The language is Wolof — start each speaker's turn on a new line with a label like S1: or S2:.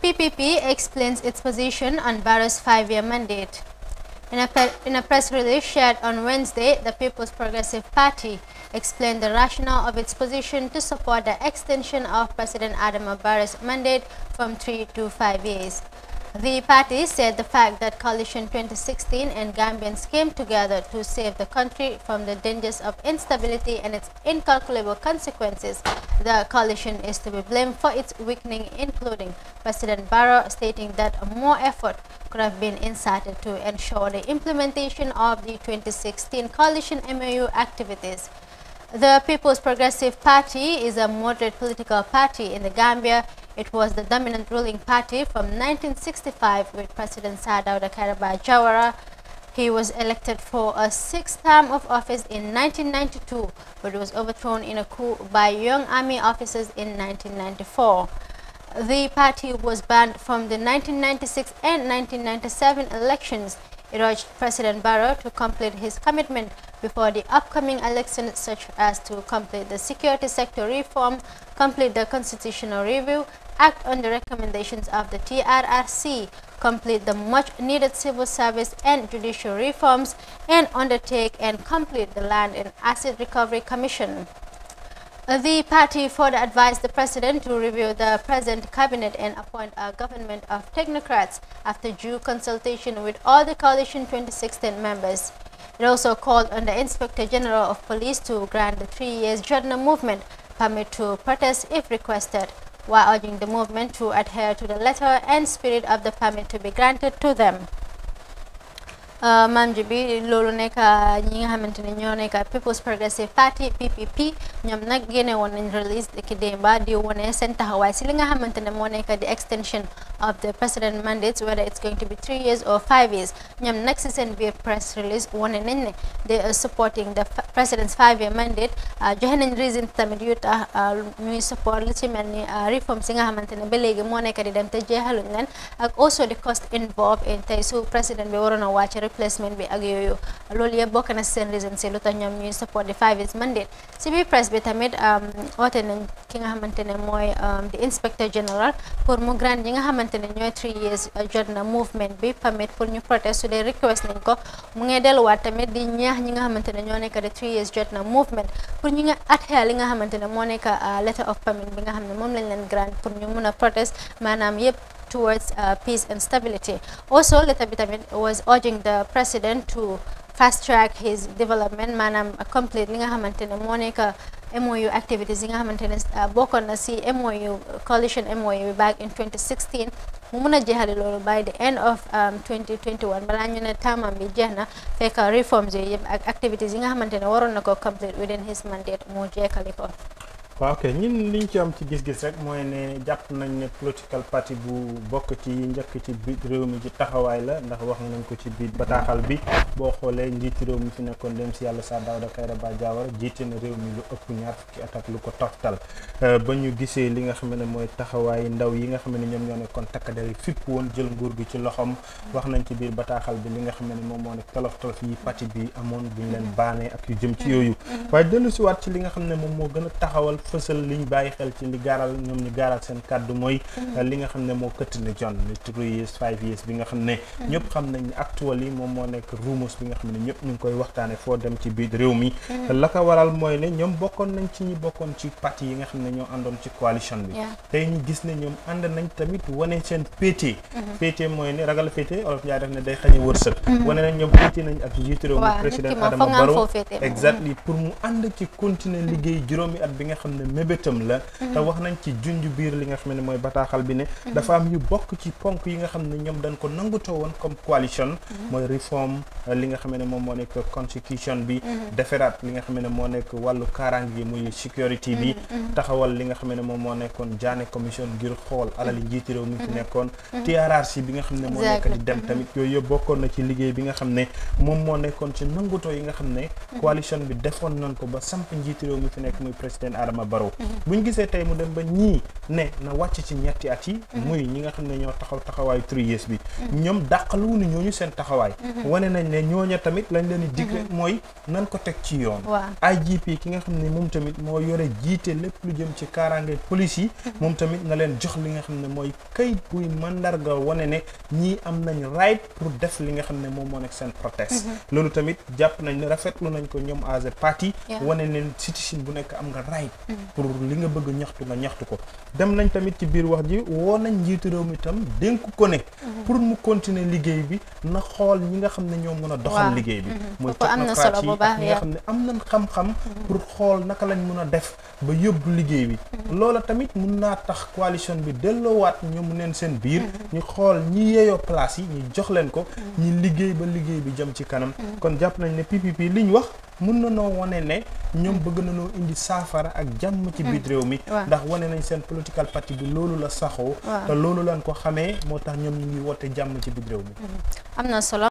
S1: PPP explains its position on Barra's five-year mandate. In a, in a press release shared on Wednesday, the People's Progressive Party explained the rationale of its position to support the extension of President Adama Barra's mandate from three to five years. The party said the fact that Coalition 2016 and Gambians came together to save the country from the dangers of instability and its incalculable consequences, the coalition is to be blamed for its weakening, including President Barrow stating that more effort could have been inserted to ensure the implementation of the 2016 coalition MOU activities. The People's Progressive Party is a moderate political party in the Gambia it was the dominant ruling party from 1965 with President Sadauda Karabakh Jawara. He was elected for a sixth term of office in 1992, but was overthrown in a coup by young army officers in 1994. The party was banned from the 1996 and 1997 elections. It urged President Barrow to complete his commitment before the upcoming elections, such as to complete the security sector reform, complete the constitutional review, act on the recommendations of the TRRC, complete the much-needed civil service and judicial reforms, and undertake and complete the Land and Asset Recovery Commission. The party further advised the president to review the present cabinet and appoint a government of technocrats after due consultation with all the coalition 2016 members. It also called on the Inspector General of Police to grant the three years general movement permit to protest if requested while urging the movement to adhere to the letter and spirit of the permit to be granted to them. Uh, maam ji bi loolu nekk uh, ñi nga People's Progressive Party PPP ñoom nag génne woon nañ release ki démba di wone seen taxawaay si li nga xamante extension of the president mandates whether it's going to be three years or five years ñoom next si seen press release one and ne they are supporting the president's five year mandate uh, joxe nañ reason tamit yu tax ñuy uh, support li ci mel ni uh, reforms yi nga xamante ne ba léegi moo nekk di dem te jeexaluñ also the cost involved in tey so président bi watch a replacement be ak yooyu loolu yëpp bokk na si seen reason si lu tax ñoom support the five years mandate si press bi um what nañ ki nga xamante ne the um, inspector general for more grand yi nga xamante xamante ne three years jot movement bi permit pour ñu protest su dee request nañ ko mu ngay delluwaat tamit di ñaax ñi nga xamante ne ñoo nekk de three years jot movement pour ñu nga adhere li nga xamante ne nekk euh, letter of permit bi nga xam ne moom lañ leen grant pour ñu mun protest maanaam yëpp towards euh, peace and stability also letter bi tamit was urging the president to fast track his development maanaam complete li nga xamante ne nekk MOU activities yi nga xamante ne ah, bokkoon na si MOU coalition MOU bi back in 2016 mu mun a jeexale loolu by the end of 2021 um, balaa ñu ne taamam bi jeex na fekk reforms yooyu yëpp ak activities yi nga xamante ne waroon na ko complete within his mandate mu jeexale ko.
S2: waaw ok ñin liñ ci am ci gis-gis rek moy né japp nañ né political party bu bok ci ñëk ci biir réew mi ci taxaway la ndax wax nañ ko ci biir bataxal bi bo xolé njiiti réew mi fi nekkon dem si yàlla saa Dawda ba jawar jiite na réew mi lu ëpp ñaar ci at lu ko toftal euh ba ñu gisé li nga xamné moy taxaway ndaw yi nga xamné ñom ñoo nekkon takkader yi fipp woon jël nguur gi ci loxam wax nañ ci biir bataxal bi li nga xamné ne mo nek ne tolof tolof yi parti bi amone buñ leen baanee ak yu jëm ci yoyu mm-hmm. way delu ci wat ci li nga xamné ne mo gëna taxawal fësal li ñu bàyyi xel ci li gaaral ñoom ñu gaaral seen kàddu mooy mm-hmm. li nga xam ne moo këttali John bi nga xam ne mm-hmm. ñëpp xam nañ actuel yi moom moo nekk rumors bi nga xam ne ñëpp ñu ngi koy waxtaane foo dem ci biir réew mi mm-hmm. la ko waral mooy ne ñoom bokkoon nañ ci ñi bokkoon ci parti yi nga xam ne ñoo àndoon ci coalition bi tey ñu gis ne ñoom ànd nañ tamit wane seen pété pété mooy ne ragal féete olof yaa def ne day xañe wërsëg wane nañ ñoom pété nañ ak jiitu réew mi président Adama Barrow exactly pour mu ànd ci continuer bi nga ne mébétam la te wax nañ ci junj biir li nga xam ne mooy bataaxal bi ne dafa am yu bokk ci ponk yi nga xam ne ñoom dañ ko nangutoo woon comme coalition mooy réforme euh, li nga ne moom moo nekk constitution bi deferaat li nga xam ne moo nekk wàllu kaaraange gi muy sécurité bi li nga xam ne moom moo nekkoon jaane commission ngir xool alali njiiti réew mi fi nekkoon TRRC bi nga xam ne moo nekk di dem tamit yooyu yëpp bokkoon ci bi nga xam ne moom moo nekkoon ci nangutoo yi nga xam ne coalition bi defoon nañ ko ba samp njiiti réew fi nekk muy président Adama Adama bu ñu gisee tey mu dem ba ñii ne na wàcc ci ñetti at yi mhm. muy ñi nga xam ne ñoo taxaw taxawaayu three years bi mhm. ñoom dàqaluwuñu ñooñu seen taxawaay mhm. wane nañ ne ñooña tamit lañ leen di digle mooy nan ko teg ci yoon IGP ki nga xam ne moom tamit moo yore jiite lépp lu jëm ci kaaraange police yi moom tamit na leen jox li nga xam ne mooy kayit buy mandarga wane ne ñii am nañ right pour def li nga xam ne moom moo nekk seen protest loolu tamit jàpp nañ ne rafetlu nañ ko ñoom as a party wane ne bu nekk am nga right pour li nga bëgg ñaxtu nga ñaxtu ko dem nañ tamit ci biir wax ji woo nañ njiitu réew mi itam dénk ko ne mhm. pour mu continuer liggéey bi na xool ñi nga xam ne ñoo mën a doxal liggéey bi mhm. muy technocrates yi ak ñi nga xam ne am nañ xam mhm. pour xool naka lañ mën a def ba yóbbu liggéey bi loola tamit mun naa tax coalition bi delloowaat ñoom neen seen biir ñu xool ñi yeeyoo place yi ñu jox leen ko ñi liggéey ba liggéey bi jëm ci kanam kon jàpp nañ ne PPP liñ wax mun na noo wane ne ñoom bëgg nañoo indi saafara ak jàmm ci biir hmm. réew mi ndax wane nañ seen political party bi loolu la saxoo te loolu lañ ko xamee moo tax ñoom ñu ngi woote jàmm ci biir mi
S1: hmm. am na solo